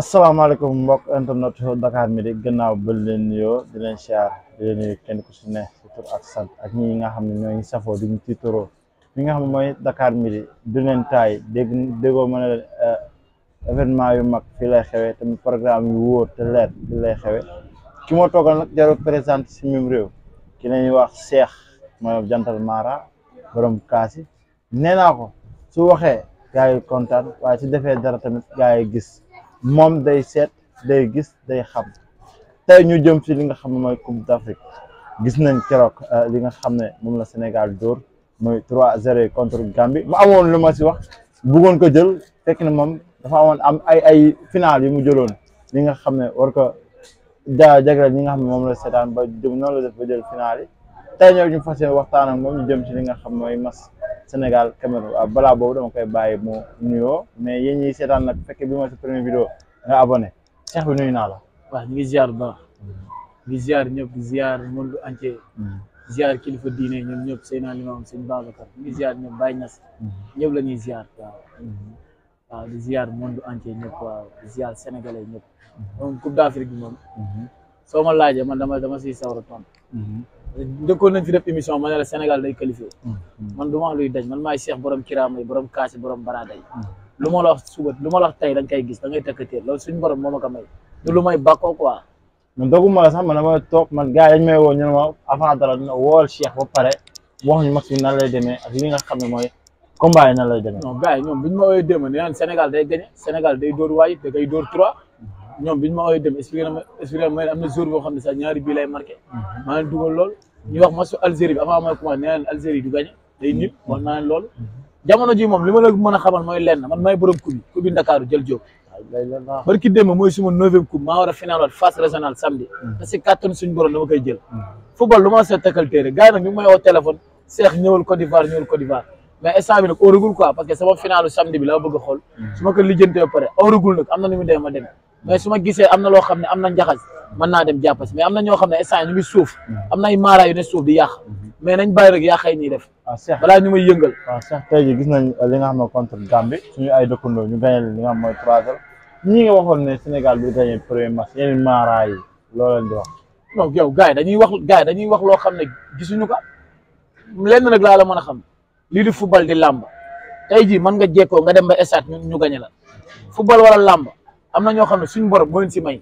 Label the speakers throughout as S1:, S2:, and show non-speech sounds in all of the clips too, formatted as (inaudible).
S1: asalaamaaleykum mbokk internet Dakar Midi gannaaw ba leen nuyoo leen siyaar di leen nuyu kenn ku si ne tur ak sant ak ñi nga xam ne ñoo ngi safoo di ñu tiitaroo ñi nga xam ne mooy Dakar Midi du leen taay dégg déggoo mën a leen eh, événement yu mag fii lay xewee tamit programme yu lay xewee ki moo toogal nag jarul présenté si mim réew ki la ñuy wax Cheikh mooy jantal Mara borom kaasi nee naa ko su waxee gars yi kontaan waaye su defee dara tamit gars yi gis. moom day seet day gis day xam tey ñu jëm ci li nga xam ne mooy Coupe d'Afrique gis nañ keroog euh, li nga xam ne moom la Sénégal dóor mooy 3-0 contre Gambie mu amoon lu ma si wax bëggoon ko jël fekk na moom dafa amoon am ay ay final yu mu jëloon li nga xam ne war ko jaa jagleel ñi nga xam ne moom la seetaan ba jëm noonu la def ba jël final yi tey ñoo ñu fas waxtaan ak moom ñu jëm si li nga xam mooy mas Sénégal Cameroun waaw ah, boobu dama koy bàyyi mu nuyoo mais yéen ñiy seetaan nag fekkee bi moo sa première vidéo nga abonné Cheikh bi nuyu naa la. waaw ñu ngi ziar ba ngi ziar ñëpp hmm.
S2: di ziar kilifa diine ñoom ñëpp seen alimaam seen Babacar ñu ngi ziar ñëpp Baye Niass hmm. ñëpp la ñuy ziar waaw hmm. waaw di ziar monde entier moom soo ma laajee man dama dama siy sawar njëkkoon nañ fi def émission ma ne la Sénégal day qualifié mm, mm. man du ma wax luy daj man maay Cheikh borom kiraamay borom kaasi borom baraaday mm. lu ma la wax suba lu ma la wax da nga koy gis da ngay tëkkatéer loolu suñu borom
S1: moo ma ko may du lu may bàkkoo quoi man ma la sax man dama toog man gars yi dañ may woo ñu ma avant dara wool Cheikh ba pare wax ñu max bi nan lay ak li nga xam ne mooy combat yi nan lay demee non
S2: gars yi ñoom bu day gagné waaye da ngay dóor trois ñoom bi ñu ma woowee dem expliqué na ma expliqué na ma am na jour boo xam ne sax ñaari bii lay marqué. Mhm. maa leen dugal lool. ñu wax match Algérie bi avant mooy commencé nee naa leen Algérie du gagné day nit mhm. wax naa lool. Mhm. jamono ji moom li ma la mën a xamal mooy lenn man may borom coupe bi bi Ndakaaru jël jóg. waaw barki mooy suma neuvième coupe maa war a final waat phase régionale samedi. te si kàttan suñu borom dama koy jël. football lu ma seet takkal téere gars yi nag ñu ngi may mais instant bi nag óoragul quoi parce que sama finalu samedi bi laa bëgg a xool hmm. su ma ko lijjantee ba pare óoragul nag am na nu mu demee ma dem hmm. mais su ma gisee am na loo xam ne am na njaxas mën naa dem jàppas mais am na ñoo xam ne instant ñu ngi suuf hmm. am na mais nañ bàyyi rek yàq yi ñuy def ah, balaa ñu
S1: may yëngal waaw ah, Cheikh gis nañ euh, li nga xam ne contre Gambie suñu ay dëkkandoo ñu gagné li nga xam mooy trois heures ñi nga waxoon ne Sénégal du gagné premier match yeneen maara yi loolu wax
S2: non yow gars yi dañuy wax gars dañuy wax loo xam ne gisuñu ko lenn nag laa la mën a xam lii di football di làmb tey jii mën nga jekoo nga dem ba estat ñu gañe la football wala làmb am na ñoo xam ne suñu borom moo leen si may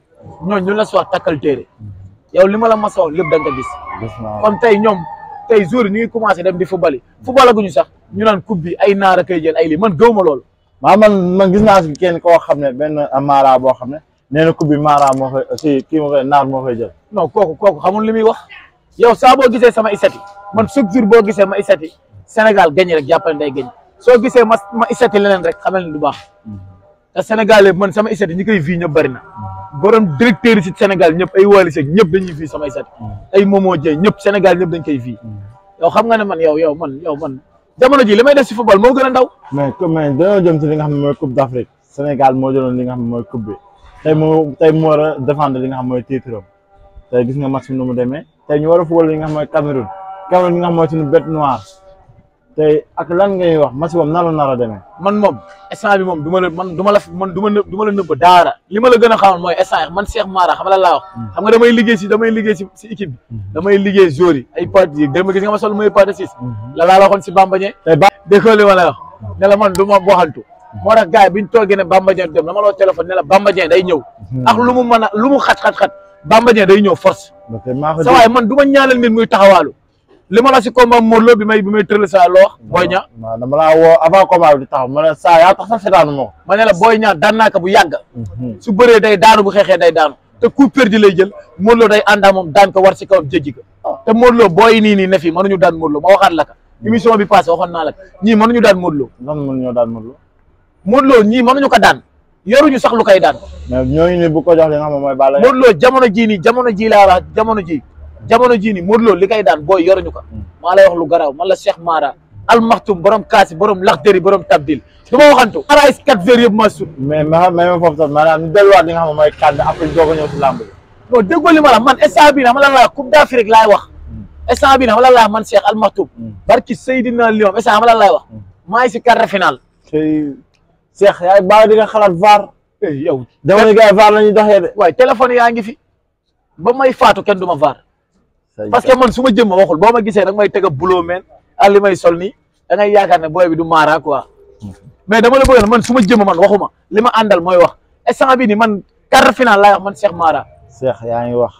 S2: ñooñu ñu la si wax takkal téere yow li ma la mas a lépp da ko gis kon tey ñoom tey jour ñu ngi commencé dem di football yi football aguñu sax ñu naan coupe ay naar
S1: a koy jël ay lii man gëwuma lool maa man man gis naa si kenn koo xam ne benn maara boo xam ne nee na coupe bi moo koy si kii moo moo koy jël non kooku kooku xamul li muy wax yow
S2: saa boo gisee sama isati man chaque jour boo gisee ma isati Sénégal gagné rek jàppale day gagné soo gisee ma ma isati leneen rek xamal ne du baax te Sénégal man sama isati ñi koy fii ñëpp bari na borom directeur yi si Sénégal ñëpp ay Wally Seck ñëpp dañuy fii sama isati ay Momo Dieng ñëpp Sénégal ñëpp dañ koy fii yow xam nga ne man yow yow man yow man jamono ji li may def si football moo gën a
S1: ndaw. mais comme mais dañoo jëm si nga xam ne mooy coupe d'Afrique Sénégal moo jëloon li nga xam ne mooy coupe bi tey moo tey mu li nga xam mooy titre am tey gis nga match bi nu mu demee tey ñu war a football li nga xam mooy Cameroun Cameroun li nga xam mooy suñu bête noire tey ak lan ngay wax Massi moom
S2: nan la nar man moom instant bi moom du ma la man du ma la man du ma du ma la nëbb daara li la gën a xamal mooy instant man Cheikh Mara xam la laa wax. Hmm. xam nga damay liggéey si damay liggéey si si équipe bi. Hmm. damay liggéey joueurs yi ay parties yi dama gis nga ma sol mooy partie six. Hmm. la laa ba déggoo li ma la wax ne la man du ma waxantu. moo tax gars yi bi ñu ne Bamba Dieng dem dama la téléphone ne la Bamba Dieng day ñëw. ak lu mu mën a lu mu xat xat Bamba Dieng day ñëw force. sa waaye man du ma ñaanal nit muy taxawaalu li ma la si combat Modou Lo bi may bi may tëral saa wax. Boy Niang dama laa woo avant combat bi di taxaw ma ne saa yaa tax sax seetaanu ma ko. ma ne la Boy Niang daan naa ko bu yàgg. Mhm. su bëree day daanu bu xeexee day daanu te coup perdu lay jël Modou Lo day ànd ak moom daan ko war si kaw jëjji ko ah. te Modou Lo booy nii nii ne fii mënuñu daan Modou Lo ma waxaat la ka émission bi passé waxoon naa la ka ñii mënuñu daan Modou Lo. nan mënuñoo daan Modou Lo. Modou Lo ñii mënuñu ko daan yoruñu sax lu koy daan.
S1: ñooñu ne bu ko jox li nga
S2: jamono jii nii jamono jii laa wax jamono jii jamono jii nii Modou Lo li kay daan booy yoruñu ko mm. maa lay wax lu garaw man la Cheikh Mara almaxtum borom kaasi borom laxdëri borom tabdil du ma waxantu arais quatre heures yëpp maa sut mais ma ma foofu sax maanaam ñu delluwaat li nga xam ne mooy kàddu après doog a ñëw si làmb non déggoo li ma la man instant bii na ma lan laa wax coupe d'Afrique laay wax mm. instant bii na ma lan laa wax man Cheikh almaxtum mm. barki Seydina ma lan laay wax maa ngi si quart de finale Cheikh yaay baax di nga xalaat VAR eh, yow jamono gars yi la ñuy doxee de waaye téléphone yaa ngi fi ba may faatu kenn du ma VAR parce que man su ma jëmm waxul boo ma gisee da nga may teg a buloo meen ak li may sol nii da ngay yaakaar ne booy bi du maara quoi mais dama la bëgg man su ma jëmm man waxuma li ma àndal mooy wax instant bi ni man quart final la wax man Cheikh Mara
S1: Cheikh yaa ngi wax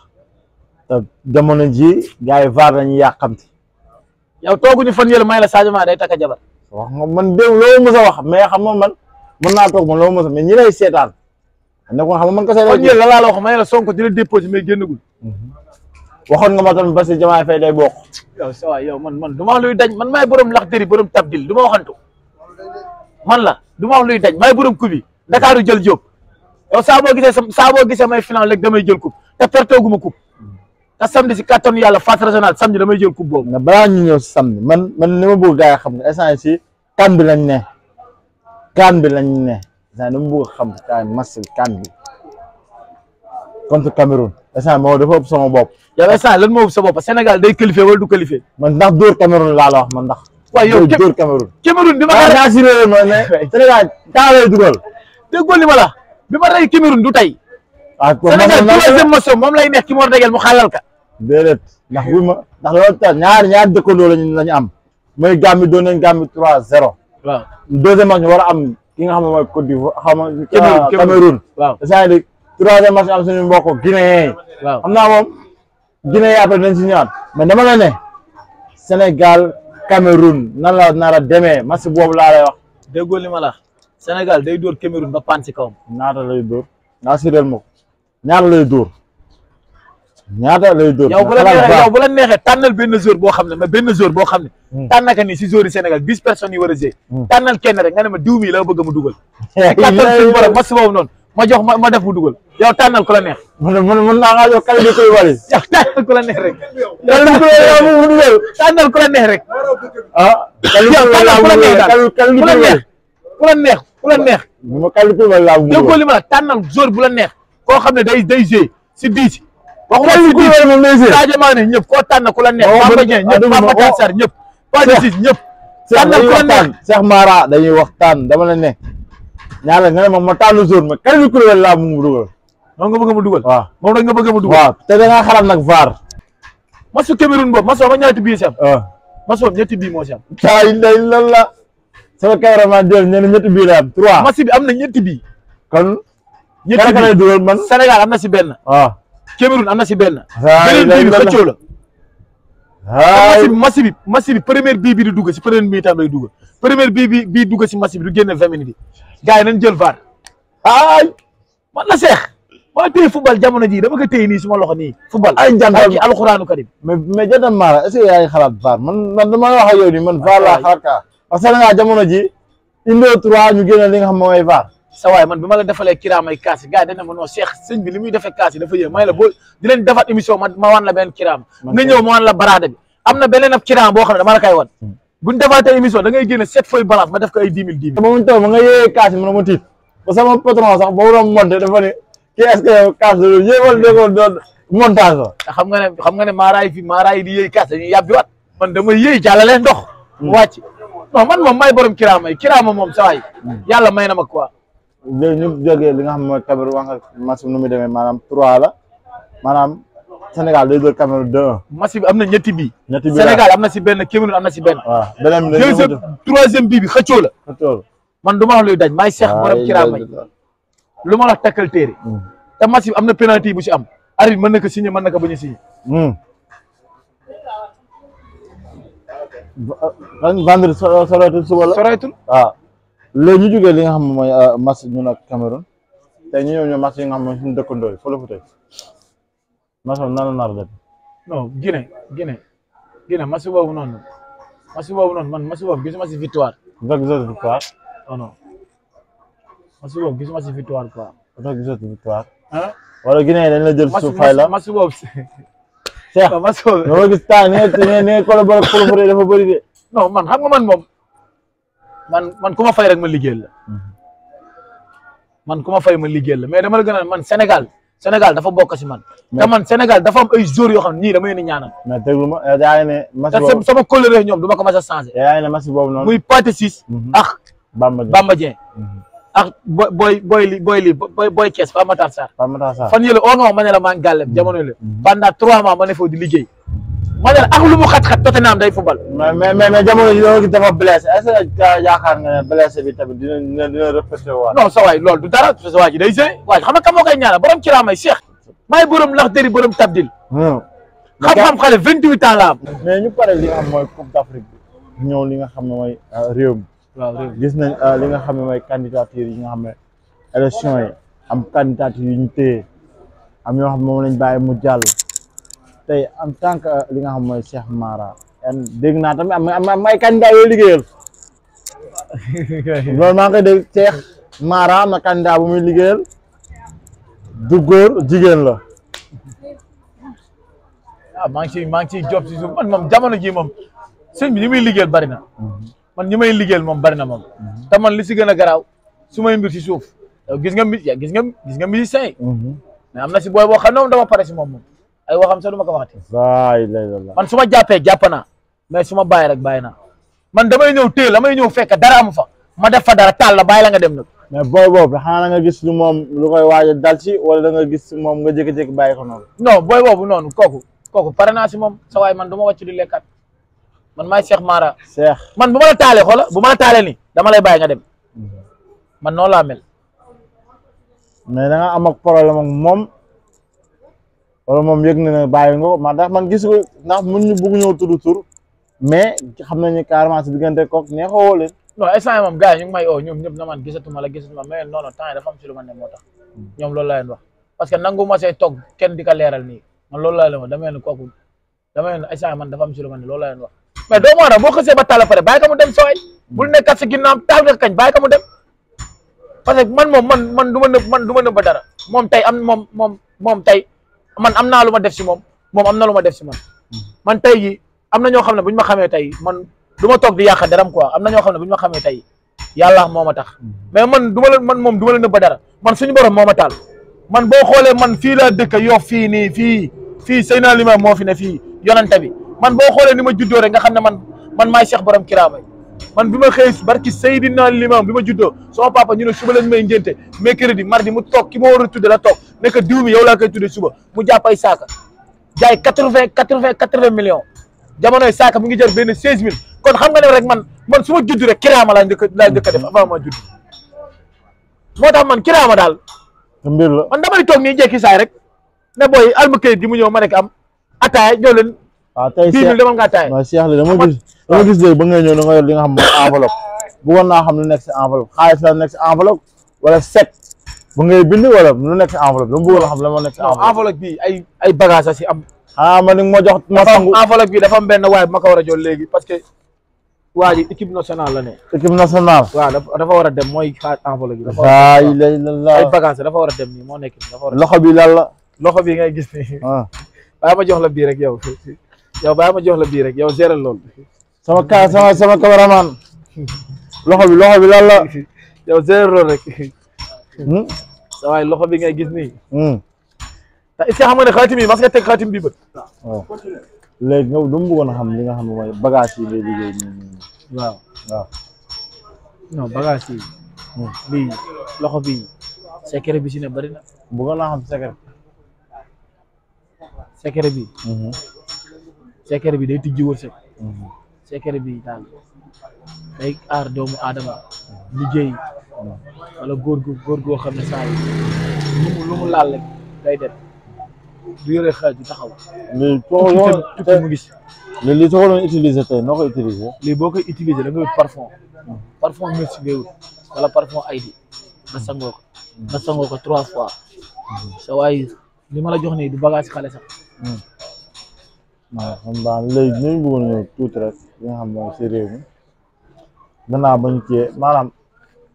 S1: te jamono ji gars yi vaar nañu yàqamti
S2: yow tooguñu fan yële may la Sadio Mané day takk jabar
S1: wax nga man dégg loolu mos a wax mais xam nga man mën naa toog man loolu mos a mais ñi lay seetaan ne ko xam nga man ko seetaan kon
S2: yële la la wax waxoon nga ma tamit Bassirou Diomaye Faye day bokk. yow sa waay yow man man du ma wax luy dañ man maay borom lax dëri borom tabdil du ma waxantu man la du ma wax luy dañ maay borom coupe bi Dakaaru jël jóob yow saa boo gisee saa boo gisee may final rek damay jël coupe te pertoogu ma coupe te samedi si kattan yàlla phase régionale
S1: samedi damay jël coupe boobu. nga balaa ñu ñëw si samedi man man ni ma bëgg gaa yi xam ne instant si kan bi lañ ne kan bi ne instant ni ma bëgg xam kan masil kan contre Cameroun. instant moo dafa ëpp sama bopp. yow instant lan moo ëpp sa bopp Sénégal
S2: day qualifié wala du qualifié. man ndax dóor Cameroun laa la wax man ndax. waaw yow dóor Cameroun. Cameroun bi ma. waaw naa si réew ma mais Sénégal taa lay dugal. déggoo li ma la bi ma rey Cameroun du tey.
S1: Ah, moom lay neex ci Mor Degel mu xàllal ma ndax loolu tax ñaar ñaar dëkkandoo lañu lañu am mooy Gambie doon nañ Gambie 3-0. waaw deuxième war a am ki nga xam ne mooy Côte d'Ivoire troisième match am suñu mbokk Guinée. waaw xam naa moom Guinée après nañ si ñëwaat mais dama la ne Sénégal Cameroun nan la nar a demee match boobu laa lay wax.
S2: déggoo li ma la Sénégal day dóor Cameroun ba paan ci kawam.
S1: ñaata lay door naa si réel ma ko ñaata lay dóor. ñaata lay dóor yow bu la neexee yow
S2: bu la neexee tànnal boo xam ne mais benn jour boo xam ne. Hmm. tànnaka ni si jour yi Sénégal dix personnes yi war a jee. Hmm. tànnal kenn rek nga ne ma diw mii la bëgg ma dugal. (laughs) kattan suñu borom match noonu. ma jox ma ma def mu dugal yow tànnal ku la neex. man man naa ngaa jox Kalidou Koulibaly. (laughs) yow tànnal ku la neex rek. Kalidou Koulibaly ku la neex rek. ah Kalidou Koulibaly ku la neex ku la neex ku la neex.
S1: ma Kalidou Koulibaly laa mu dugal déggoo
S2: li ma la tànnal jour bu la neex koo xam ne day day gée si diis. waxuma si diis Sadio Mané ñëpp koo tànn ku la neex. Bamba Dieng ñëpp Bamba
S1: Dieng ñëpp. Pape Sarr ñëpp. tànnal neex dañuy waxtaan dama la ne. ñaar la nga ne ma ma taalu zone ma kari bi kuréel laa mu dugal moom nga bëgg ma dugal waaw moom rek dugal te da ngaa xalaat nag vaar masu Cameroun
S2: boobu masu ba ñaati bii si saa yi la sama cameraman jël nee na ñetti bii la trois bi am na ñetti bii kon ñetti bii dugal man Sénégal am na si benn waaw Cameroun am na si benn beneen bii bi xëccoo la ayi masi bi masi bi première bii bi di dugg si première bii temps lay dugg première bii bi bii dugg si masi bi du génne vingt minutes yi gars yi jël VAR aay man la seex
S1: maa téye football jamono jii dama ko téye nii suma loxo nii football ay njàngal alxuraanu karim mais mais jotam maara est-ce que yaay xalaat VAR man man dama wax ak yow nii man VAR laa xalaat kaa parce que da ngaa jamono ji une deux trois ñu génne li nga xam mooy VAR
S2: sa waay man bi ma la defalee kiraamay kaas yi gars yi dañ ne ma non Cheikh sëñ bi li muy defee kaas yi dafa yéex la boo di leen la benn kiraam nga ñëw ma wan la baraada bi am na beneen ab kiraam boo xam dama la koy wan hmm. ma ma mu
S1: ne ma tiit ba sama patron sax
S2: boobu man moom may borom kiraamay kiraama moom sa waay hmm. yàlla may na ma quoi
S1: ñu jógee li nga xam mooy Cameroun wax nga nu mu demee maanaam 3 la maanaam Sénégal day dóor Cameroun 2-1. bi am na ñetti bii. ñetti Sénégal am
S2: na si benn Cameroun am na si benn. waaw ah, beneen bi dañuy wut deuxième troisième bii bi la. man du ma wax luy dañ maay seex morom kiraamay lu ma wax takkal téere. Hmm. te match bi am na penalty bu si am. arbitre mën na si signé mën na ko bañ a signé.
S1: Hmm. vendredi léegi ñu jógee li nga xam ne mooy euh, match ñun ak Cameroun tey ñu ñëw ñëw match yi nga xam ne suñu dëkkandoo yi fële fu tey boobu la nar a dem.
S2: non Guinée Guinée boobu noonu match boobu noonu man match boobu gisuma si victoire. vingt zéro victoire. non non match boobu gisuma si victoire quoi.
S1: vingt zéro victoire. ah wala Guinée dañ la jël suuf fay la match boobu Cheikh. match boobu man xam man moom.
S2: man man ku ma fay rek ma liggéey la man ku ma fay ma liggéey la mais dama la gën a man Sénégal Sénégal dafa bokk si man. te man Sénégal dafa am ay jours yoo xam ne ñii dama leen di ñaanal.
S1: mais déglu ma yaa ngi sama colère ñoom du ma ko mas a changé. yaa boobu noonu. muy Pathé Ciss. Mhm.
S2: ak Bamba mhm. ak boy boy li boy li boy boy Thiès Pape Matar Sarr.
S1: Pape Matar Sarr fan
S2: yële au oh ma ne la maa ngi gàllem jamono yële. Mhm. pendant trois di liggéey. ma ne ak lu mu xat-xat Tottenham day football. mais mais mais jamono ji loolu dafa blessé est
S1: ce dina dina dina repêché waat. non sa
S2: du dara sa waay ji day see waay xam nga kan moo koy ñaanal borom
S1: ci laa may Cheikh. borom ndax dëri borom tabdil. xam-xam hmm. xale 28 ans la am. mais ñu pare li nga xam mooy Coupe d'Afrique bi li nga xam ne mooy euh, réew mi. gis nañ euh, li nga xam ne mooy candidature yi nga xam ne élection yi am candidature yu ñu téye am yoo xam ne moom lañ bàyyi mu jàll. tey en tant que li nga xam mooy Cheikh dégg naa tamit am ay candidat yoo liggéeyal (laughs) loolu maa ngi koy dégg Cheikh Mara am na candidat bu jigéen la
S2: ah maa ngi ciy maa ngi ciy job si suuf man moom jamono ji moom sëñ bi ñi muy liggéeyal bari na man ñi may liggéeyal moom bari na moom te man li si gën a garaaw su mbir si suuf gis nga mi gis nga gis nga musicien yi mhm. mais si booy boo xam pare si moom moom ay waxam sa du ma ko waxati. man su ma jàppee jàpp naa mais su ma bàyyi rek bàyyi na man damay ñëw la may ñëw fekk dara amu fa ma def fa dara taal la bàyyi la nga dem nag.
S1: mais booy boobu xanaa nga gis lu moom lu koy waaj a dal wala da nga gis moom nga jékki-jékki bàyyi ko noonu.
S2: non noonu kooku kooku pare naa si moom sa waay man du ma wàcc di lekkat man maay Cheikh Mara. Cheikh man bu ma la taalee xoola
S1: bu ma la taalee nii
S2: dama lay bàyyi nga dem mhm. man noonu laa mel.
S1: mais da nga am wala moom yëg na ne bàyyi man gis ko ndax mën ñu bugg ñëw tudd tur mais xam nañu carrément si diggante kook neexoo woo leen non instant moom
S2: gars ñu may oo ñoom ñëpp na man gisatuma la gisatuma man moom man man nëb man dara moom tey moom moom moom man am naa lu ma def si moom moom am na lu ma def si man man tey jii am na ñoo xam ne bu ñu ma xamee tey man du ma toog di yàq daram ko am na ñoo xam ne bu ñu ma xamee tey yàlla moom a tax mais man du ma la man moom du ma la ba dara man suñu borom moo a taal man boo xoolee man fii laa dëkk Yoff fii nii fii fii naa Limamou moo fi ne fii yonante bi man boo xoolee ni ma juddoo rek nga xam ne man man maay Cheikh borom kiraama man bi ma xëy barki Seydina Limam bi ma juddoo sama papa ñu ne suba lañ may ma war a tudde la toog ne ko diw mi yow laa koy tudde suba mu jàppay saaka jaay quatre vingt quatre vingt quatre vingt millions jamonoy saaka mu ngi jar benn seize mil kon xam nga ne rek man man su ma judd rek kiraama laa njëkk laa a def ma judd moo tax man kiraama daal mbir la man damay toog nii jekki saay rek ne booy alma kayit gi mu ñëw ma rek am ataaya ñoo leen waaw ah,
S1: tey Cheikh demal nga taay waaw Cheikh li dama gis dama gis léegi ba ngay ñëw da nga yor li nga xam mooy enveloppe bëggoon naa xam lu nekk si enveloppe xaalis la nekk wala set ba ngay bind wala lu nekk si a moo nekk si enveloppe bi ay a ah,
S2: dafa am benn waaye ma ko war a jël léegi parce que waa ji équipe nationale la ne
S1: équipe nationale
S2: dafa war a dem mooy xaar enveloppe bi dafa ay bagage dafa war a dem moo nekk nii bi la loxo bi ngay gis nii ah. waaw ma jox la bii rek yow yow baa ma jox la bii rek yow gérer sama ka loxo bi loxo bi la
S1: yow hmm?
S2: loxo bi ngay gis nii hmm. te est que xam nga ne xaatim yi mas nga xaatim bi bët
S1: waaw nga du mu bëggoon a li nga xam ne mooy bagage yi ngay liggéey nii
S2: hmm. loxo bi secret bi si na bëggoon naa xam secret bi secret bi day tijji wërsëg secret bi daal day aar doomu aadama liggéey wala góor gu góor goo xam ne saa yi lu mu laal rek day dem du yore xaaj du taxaw. lii foo yoo
S1: tukki mu gis. lii lii soo ko doon utiliser tey noo koy utiliser. lii boo koy utiliser da nga wut parfum.
S2: parfum mix ngay wut wala parfum ay nga sangoo ko. nga sangoo ko trois fois. sa waay li ma la jox nii du bagage xale sax.
S1: waaw xam baax léegi ñu ngi bëggoon ñëw tuuti rek li nga xam moom si réew mi gannaaw bañ cee maanaam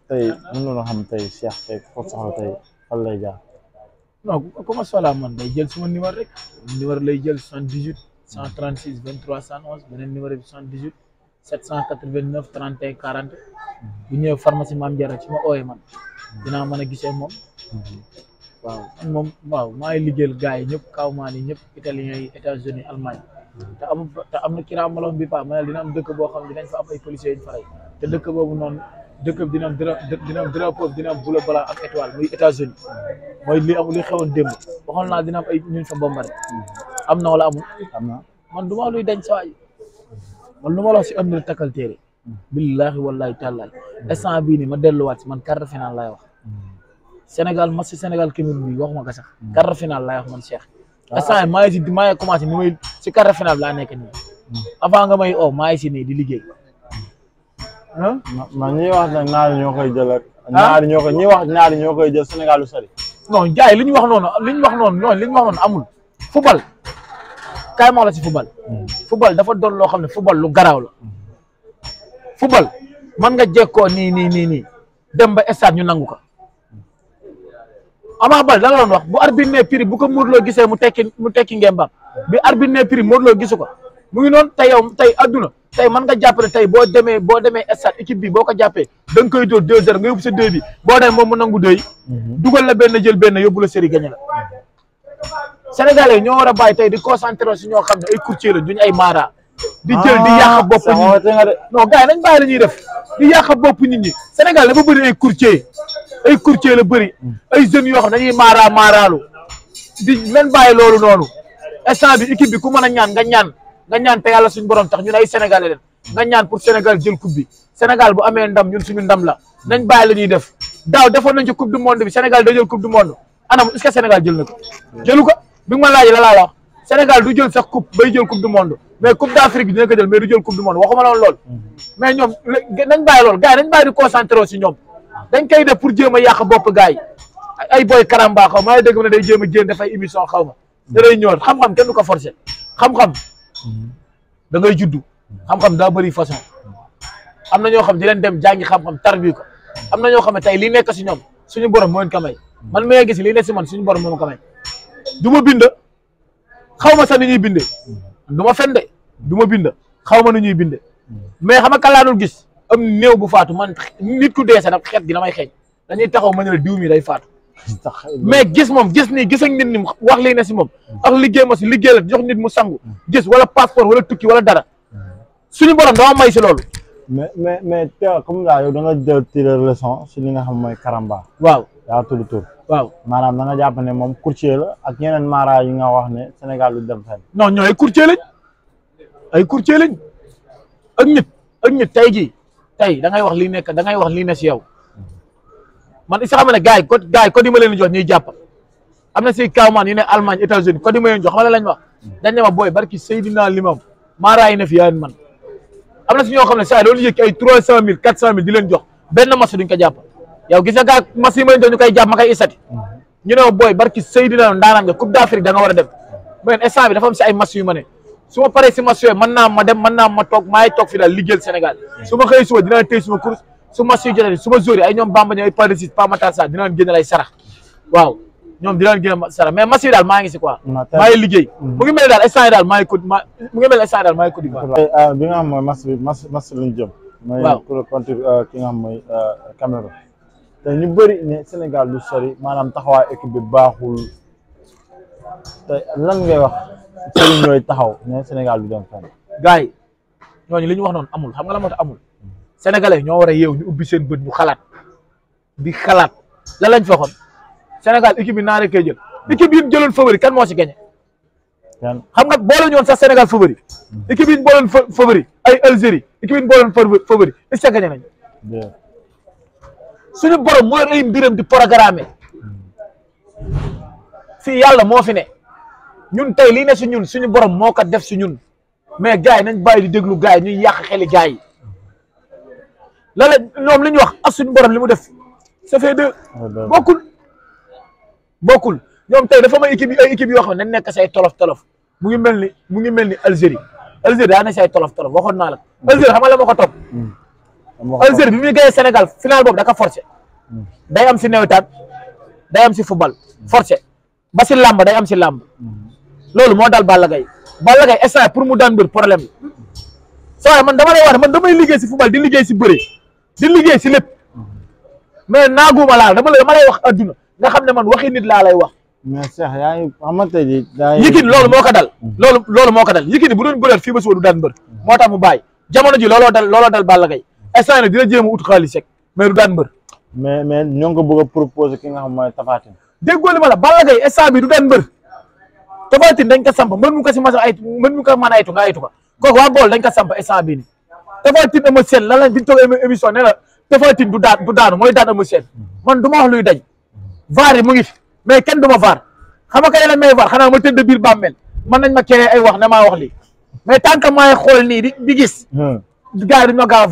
S1: tey mën nañu xam tey Cheikh tey foofu sax tey fan lay jaar.
S2: non comme soxlaa man day jël suma numéro rek numéro lay jël soixante dix cent trente six vingt trois cent onze beneen numéro bi soixante dix huit sept cent quatre vingt neuf trente et quarante bu ñëwee pharmacie Mame Diarra ci ma ooyee man dinaa mën a gisee moom. waaw moom waaw maa ngi liggéeyal gars yi ñëpp kaw maa ni ñëpp italiens yi États-Unis Allemagne te am te am na kiraa maloon bi pa manel dina dëkk boo xam ne fa am ay policiers yuñ te dëkk boobu noonu dëkk bi dina am dina am drapeau dina am bleu blanc ak étoile muy États-Unis mooy li am li xewoon démb waxoon naa dina am ay ñun fa bombardé am na wala amul am na man du ma luy dañ sawaay man lu ma la wax si am na takkal téere mm. billaahi wallaahi tàllaay instant bii ni ma delluwaat si man quart de lay laay wax Sénégal match Sénégal Cameroun bi waxuma ko sax. Hmm. quart de finale laay wax man Cheikh. waaw ah. instant si maa ngi ni may si quart de finale laa nekk nii. Hmm. avant nga may oo si nii di liggéey.
S1: Hmm. ah man ñi wax nag naar ñoo koy jël ak. naar ah? ñoo koy ñi wax naar ñoo jël Sénégal lu sori.
S2: non jaay li ñu wax noonu li ñu wax noonu ñooñu li ñu wax amul. football kaay ma la si football. football dafa doon loo xam ne football lu garaaw la. football mën nga jekkoo nii nii nii nii dem ba stade ñu nangu ko. Ama Baldé lan la doon wax bu arbitre ne prix bu ko Modou gisee mu tekki mu tekki ngembam bi arbitre ne prix Modou Lo ko mu ngi noon tey yow tey adduna tey man nga jàpp ne boo demee boo demee stade équipe bi boo ko jàppee da nga koy dóor deux zéro nga yóbbu sa deux bi boo demee moom mu nangu deux mhm. dugal la benn jël benn yóbbu la série gagné la Sénégalais ñoo war a bàyyi tey di ko concentré si ñoo xam ne ay courtier la duñu ay maara di jël di yàq ah, bopp nit ñi non ñuy def di yàq bopp nit ñi Sénégal dafa bëri ay courtier ay courtier la bëri ay jeunes yoo xam dañuy maaraa maaraalu di leen bàyyi loolu noonu instant bi équipe bi ku mën a ñaan nga ñaan nga ñaan te yàlla suñu borom tax ñun ay sénégalais leen nga ñaan pour Sénégal jël coupe bi Sénégal bu amee ndam ñun suñu ndam la nañ bàyyi la ñuy def daaw defoon nañ ci du monde bi Sénégal day jël coupe du monde anam est-ce que Sénégal jël na ko bi ma laajee la laa wax Sénégal du jël sax coupe bay jël coupe du monde mais coupe d'Afrique bi dina ko jël mais du jël coupe lool mais ñoom nañ bàyyi si ñoom dañ koy def pour jéem a yàq bopp gars ay boy karamba xaw maa ngi dégg mu day jéem a génn dafay émission xaw ma da lay xam-xam kenn du ko forcer xam-xam da ngay juddu xam-xam daa bëri façon am na ñoo xam di leen dem jàngi xam-xam tarbi ko am na ñoo xam ne tey li nekk si ñoom suñu borom moo leen ko may man mi ngi gis li nekk si man suñu borom moo ko may du ma bind xaw ma sax ni ñuy bindee du ma fende du ma bind xaw ma ni ñuy bindee mais xam a kan laa dul gis am néew bu faatu man nit ku deese nag xet gi damay xeeñ dañuy taxaw ma ne la diw mi day faatu. mais gis moom gis nii gis ak nit ni wax lii ne si moom. ak liggéey ma si liggéey la jox nit mu sangu. gis wala passeport wala tukki wala dara. suñu borom dama may si loolu.
S1: mais mais mais Théo daa ça yow da jël tiré leçon si li nga xam mooy Karamba. waaw yaa tudd tur. waaw maanaam da nga jàpp ne moom courtier la ak ñeneen mara yi nga wax ne Sénégal lu dem fenn. non ñooy courtier lañ
S2: ay courtier lañ ak nit tey da ngay wax li nekk da ngay wax li si yow man is xam ne gars yi code ma leen jox ñuy jàpp am na si kawman yi ne Allemagne États-Unis code yi ma leen jox xam la lañ wax dañ ne ma booy barki Seydina Limam maaraay na fi yaan man am na si ñoo xam ne saa yi loolu yëkki ay trois cent mille quatre cent mille di leen jox benn mas duñ ko jàpp yow gis nga gars yi ma leen jox ñu koy jàpp ma koy isati mhm. ñu ne ma booy barki Seydina ndaanaan nga Coupe d'Afrique da nga war a dem mais mhm. instant bi dafa am si su ma paree si match yooyu mën naa ma dem mën naa ma toog maay toog fi daal liggéeyal Sénégal su ma xëyee suba dinaa tëy suma course su match yi jotee su ma zori ay ñoom Bamba ñooy Paris Six Pa Matar Sarr dinaa génne lay sarax waaw ñoom dinaa génne sarax mais match yi daal maa ngi si quoi maa ngi liggéey mm. mu ngi mel daal instant yi daal maa ngi ko mu ngi mel instant yi daal maa ngi
S1: ko di eh, ah, bi nga xam mooy match bi match match lañ jëm mooy pour contre euh, ki nga xam mooy euh, Cameroun te ñu bëri ne Sénégal du sori maanaam taxawaay équipe bi baaxul te lan ngay wax ñooñu ñooy taxaw ne Sénégal du dem fenn.
S2: gars ñooñu li wax noon amul xam nga la moo tax amul sénégalais ñoo war a yeew ñu ubbi seen bët bu xalaat di xalaat la lañ fexoon Sénégal équipe bi naa rek koy jël équipe yi jëloon favori kan moo si gagné. xam nga boole ñoon sax Sénégal favori. Hmm. équipe yi ñu boole ay Algérie équipe yi ñu boole favori est ce que gagné borom mooy ay mbiram di programmer hmm. fii yàlla moo fi ne. ñun tey lii ne si ñun suñu borom moo ko def si ñun mais gars yi nañ bàyyi di déglu gars yi ñuy yàq xeli gars la ñoom li ñu wax ak suñu borom li mu def ça fait deux bokkul bokkul ñoom tey dafa a équipe yi ay équipe yoo xam ne nañ nekk say tolof tolof mu ngi mel ni mu ngi mel ni Algérie Algérie daa ne say tolof tolof waxoon naa la Algérie xam nga la ma ko topp hmm. bi muy gagné senegal final boobu da ko hmm. day am si nawetaan day am si football hmm. forcé ba si làmb day am si làmb loolu moo daal Balla Gaye Balla Gaye pour mu daan mbër problème la saa dama lay wax ne damay liggéey si football di liggéey si bëre di liggéey si lépp mais naaguma laal dama lay dama lay wax adduna nga xam ne man waxi nit laa lay wax.
S1: mais yaa ngi
S2: loolu moo ko dal. loolu loolu moo ko dal Yékini bu doon fii ba suba du daan mbër moo tax mu bàyyi jamono ji looloo dal looloo dal Balla Gaye instant yii dina jéem a ut xaalis rek mais du
S1: daan mbër. mais mais ñoo ngi ko bëgg a xam mooy Tapha Tine. déggoo
S2: li ma la Balla Tapha Tine dañ ko samp mën mu ko si mas ay mën mu ko a ko waa bool dañ ko samp mooy daan ama seen man mais kenn du ma vaar xam nga kay la may vaar xanaa ma tëdd biir bàmmeel ma ay wax ne maa wax lii mais tant que maay xool nii di di gis hmm. gars yi ah.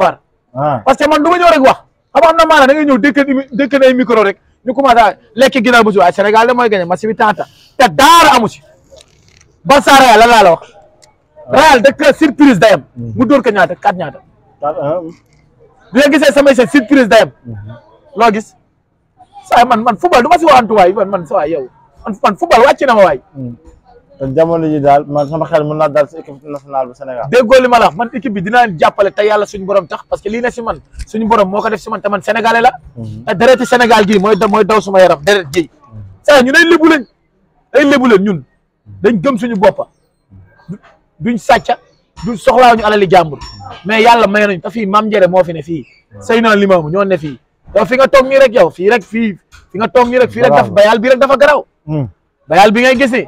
S2: parce que man du ma ñëw rek wax xam am na maanaam da ngay ñëw dëkk dëkk ay micro rek ñu commencé lekk ginnaaw bu si waaye Sénégal da mooy gagné Barça Real la wax. Real da ka surprise day am. Mm-hmm. mu dóor ka ñaata kat ñaata. bi nga gisee samay sa surprise day am. Mm-hmm. loo gis saa man man football du ma si waxantu waay man man sa waay yow man man football na
S1: ma waay. Mm-hmm. kon jamono ji daal man sama xel mën naa daal si équipe nationale bu Sénégal.
S2: déggoo li ma la man équipe bi dinaa leen jàppale te yàlla suñu borom tax parce que lii ne si man suñu borom moo ko def si man te man sénégalais la. te dereti Sénégal gii mooy mooy daw suma yaram deret gii. saa ñu ne lébu lañ ay lébu ñun. dañ gëm suñu boppa duñ sàcca du soxlaa ñu alali jàmbur mais yàlla may nañ ta fii maam njëre moo fi ne fii sëy naa limaamu ñoo ne fii yow fi nga toog nii rek yow fii rek fii fi nga toog nii rek fii rek daf bayal bi rek dafa garaw hmm. bayal bi ngay gis ni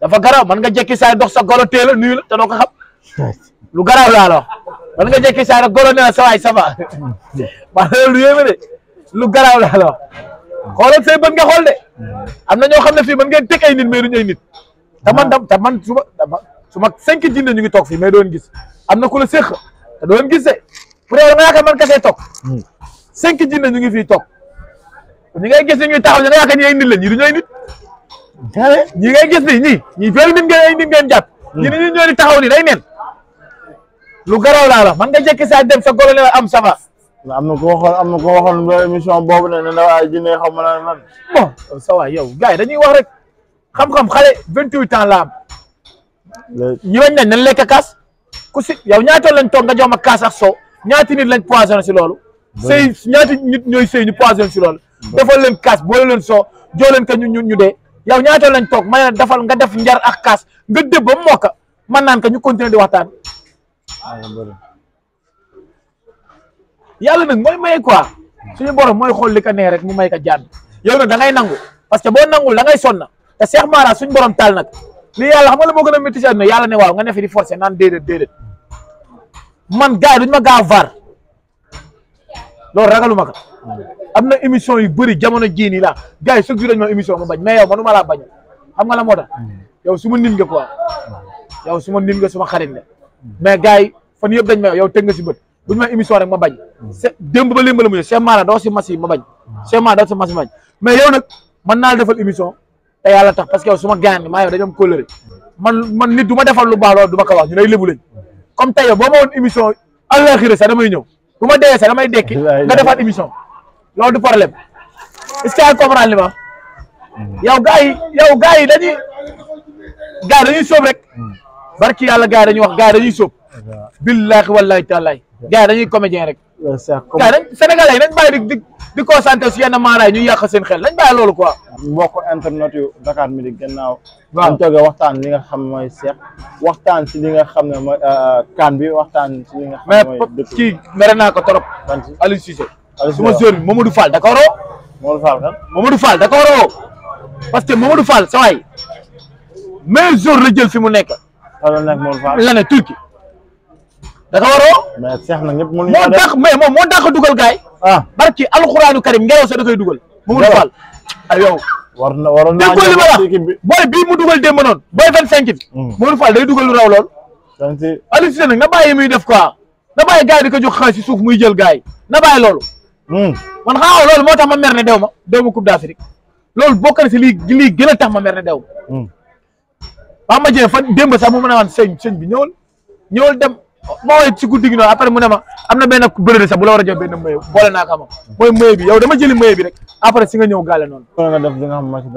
S2: dafa garaw man nga jekki saa dox sa golo téela nuyu la te doo ko xam (laughs) lu garaw laa la man nga jekki saay rek golo ne la sa waay ça va hmm. (laughs) lu yéeme de lu garaaw laa la say bët nga xool de hmm. am na ñoo xam ne fii mën ngeen teg ay nit ay te man da man su ma su ma cinq jinne ñu ngi toog fi mais doon gis am na ku la séq te doon gis de pour yow man kasee toog hmm. cinq jinne ñu ngi fi toog ñi ngay gis ni ñu nga yaakaar ñi ay nit la ñi du ñi ngay gis ni ñi ñi feeri nit ngeen ay nit hmm. taxaw ni day neen
S1: lu garaw laa la man nga jekki saa dem sa golo ne am ça am na ko waxoon am na ko waxoon émission boobu ne ne na waaye jinne xaw ma lan lan bon sa yow gars yi dañuy wax rek xam-xam xale vingt huit ans la am. ñi wañ nañ na lekk kaas
S2: ku si yow ñaatoon lañ toog nga jox ma kaas ak soow ñaati nit lañ poisonné si loolu. sëy ñaati nit ñooy sëy ñu si loolu. defal leen kaas boole leen soo joo leen ñu ñu ñu dee yow ñaatoon lañ toog ma ne defal nga def njar ak kaas nga dëb ba mokka man naan ko ñu continuer di waxtaan. Ah, yàlla nag mooy may quoi suñu borom mooy xool li ko nee rek mu may ko jàmm yow nag da ngay nangu parce que boo nangul da ngay sonna te Cheikh Mara suñ borom taal nag li yàlla xam nga la moo gën a métti ci àdduna yàlla ne waaw nga ne fi di forcer naan déedéet déedéet man gars duñ ma gaa vaar loolu ragaluma ko am na émission yu bëri jamono jii nii la gars yi chaque jour ma émission ma bañ mais yow manuma laa bañ xam nga la moo tax yow su ma nit nga quoi yow su ma nit nga suma xarit la mais gars yi fan yëpp dañ ma yow teg nga si bët buñ ma émission rek ma bañ démb ba léegi la mu ñëw Cheikh doo si mas yi ma bañ Cheikh Mara mas yi ma bañ naa defal émission te yàlla tax parce que suma su ma gaan maa yow dañoo am kóllëre man man nit du ma defal lu baax loolu duma ma ko wax ñu lay lébu lañ comme tey yow boo ma woon émission àllaaxira damay ñëw bu ma dee sax damay dekki nga defaat émission loolu du problème est-ce que yaa comprendre li ma hmm. yow gars yi yow gars dañuy gars dañuy sóob rek hmm. barki yàlla gars yi dañuy wax gars yi dañuy sóob billaahi wallaahi taalaahi gars yi dañuy comédien rek Euh, sénégalais yi nañ bàyyi di
S1: di concentré si yenn maanaay ñu yàq seen xel nañ bàyyi loolu quoi mbokk internet yu Dakar Midi gannaaw waaw ñu toogee waxtaan li nga xam mooy Cheikh waxtaan si li nga xam ne mooy euh, kaan bi waxtaan si li nga xam mais
S2: kii mere naa ko trop Aliou Cissé suma sœur bi Mamadou Fall d'accord oo Mamadou Fall kan Mamadou Fall d'accord oo parce que Mamadou Fall sa waay mais jour la jël fi mu nekk
S1: la
S2: ne Turquie dafa waroo.
S1: mais Cheikh nag ñëpp mënuñu. moo dàq mais
S2: moom moo dàq dugal gaay yi. ah barki alxuraanu karim ngelaw sa da koy dugal. mu fal ay yow.
S1: war na waroon naa ñëw wax
S2: bi booy bii mu dugal démb noonu booy vingt cinq bi. Hmm. mu fal day dugal lu raw lool. donc nag na bàyyi muy def quoi na bàyyi gaay yi di ko jox xaalis si suuf mu jël gaay yi na bàyyi loolu. Hmm. man xaaral loolu moo tax ma mer ne dew ma dew ma Coupe d'Afrique loolu bokk na si lii lii gën a tax ma mer ne dew ma. ma hmm. jëlee fan démb sax mu mën a waan sëñ bi ñëwal ñëwal dem ma wooye ci guddi gi noonu après mu ne ma am na benn bële sax bu la war a jox benn mayo boole naa ko moom mooy
S1: mayo bi yow dama jëli mayo bi rek après si nga ñëw gàlle noonu. nga def li nga xam mooy sa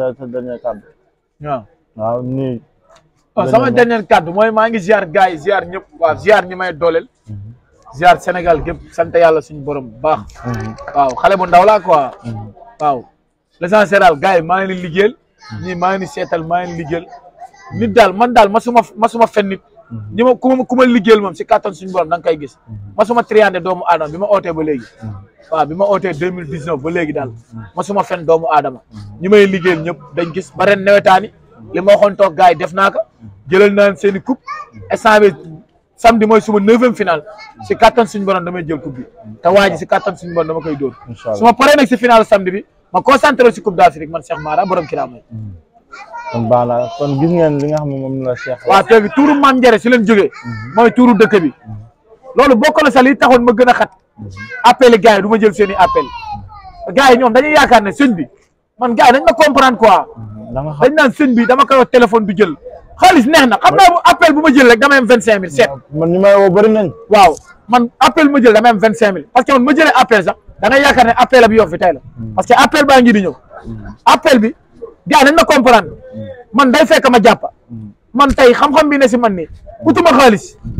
S1: dernier
S2: kàddu. waaw mooy maa ngi ziar gars yi ziar ñëpp waaw ziar ñi may dooleel. Mm-hmm. ziar Sénégal gépp sant yàlla suñu borom bu baax. Mm-hmm. waaw xale bu ndaw laa quoi. Mm-hmm. waaw l'essentiel daal gars yi maa ngi leen liggéeyal. ñii maa ngi leen seetal maa ngi leen nit daal man daal masuma masuma fen nit. ñi ma ku ma ku ma moom si kattan suñ borom da nga koy gis mm-hmm. masuma triandé doomu aadama bi ma ootee ba léegi
S1: mm-hmm.
S2: waaw bi ma ootee deux mille dix ba léegi daal mm-hmm. masuma fen doomu aadama ñi may liggéeyal ñëpp dañ gis ba ren li ma waxoon toog gars yi def naa ko jëlal naan seen i coupe instant bi mooy suma neuvième finale si kattan suñu borom damay jël coupe bi te waa ji si kattan suñu borom dama koy dóor su ma paree nag si finale samedi bi ma concentré si coupe d'Afrique man Cheikh
S1: kon baax na kon gis ngeen li nga xam ne moom la Cheikh. waaw tey tuuru maam mhm. mooy tuuru dëkk
S2: bi. Mhm. loolu bokk na sax li taxoon ma gën a xat. Mhm. appel gars yi du ma jël seen i appel. gars yi ñoom dañuy yaakaar ne sëñ bi man gars yi dañ ma comprendre quoi. dañ naan sëñ bi dama koy wax téléphone du jël. xaalis neex na xam naa appel bu ma jël rek dama am vingt cinq mille seet. man ñu may woo bëri nañ. waaw man appel bu ma jël dama am que man ma jëlee appel sax da yaakaar ne appel bi yor fi tey la. parce que baa ngi di ñëw. appel bi gaa nañ ma comprendre mm. man day fekk ma jàpp mm. man tey xam-xam bi ne si man ni utuma xaalis mm.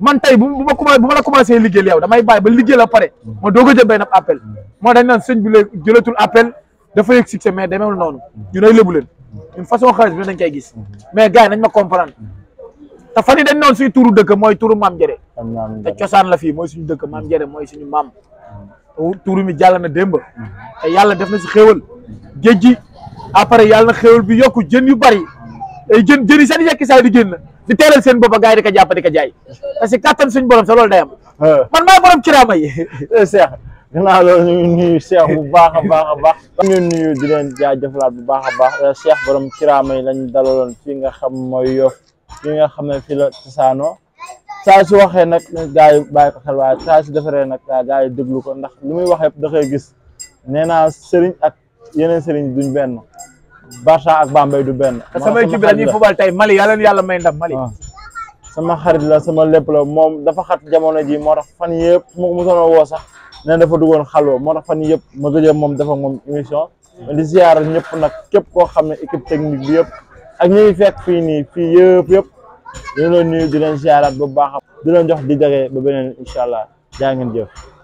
S2: man tey bu ma commencé bu ma la commencé liggéeyal yow damay bàyyi ba liggéey la pare ma doog a jël benn appel moo dañ naan sëñ bi la jëlatul appel dafa yëg succès mais demeewul noonu ñu nay leen une façon xaalis bi dañ koy gis mais gars yi ma comprendre te fan yi dañ noonu suñu tuuru dëkk mooy tuuru maam Njere te cosaan la fii mooy suñu dëkk maam Njere mooy ñu mam tuuru mi jàll na démb te yàlla def na si xéewal géej après yàlla na xéwal bi yokk jën yu bari jën jën yi seen yekki saay di génn di teeral seen bopp gars di ko jàpp di ko jaay parce que
S1: kattan suñ borom sa loolu day am euh. man maay borom kiraama yi euh, Cheikh gannaaw loolu ñu nuyu bu baax a baax a baax ñu nuyu di leen jaajëfalaat bu baax a baax euh, Cheikh borom kiraama yi lañ dalaloon fii nga xam mooy Yoff fii nga xam ne fii la cosaanoo saa su waxee nag gars yi bàyyi ko xel waaye saa su defaree nag gars yi déglu ko ndax li muy wax yëpp da gis nee sëriñ yeneen sëriñ duñ benn Barça ak Bambey du benn sama équipe bi dañuy
S2: tey Mali yàlla na yàlla may ndam Mali ah.
S1: sama xarit la sama lépp la moom dafa xat jamono ji moo rax fan yëpp mu musoon sax ne dafa duggoon xalwa moo fan yëpp ma gëjëm moom dafa moom émission di ziar ñëpp nag képp koo xam ne équipe technique bi yëpp ak ñuy fekk fii nii fii yëpp yëpp dañu leen nuyu di leen ziaraat bu baax di leen jox di jage ba beneen incha allah jaa ngeen jëf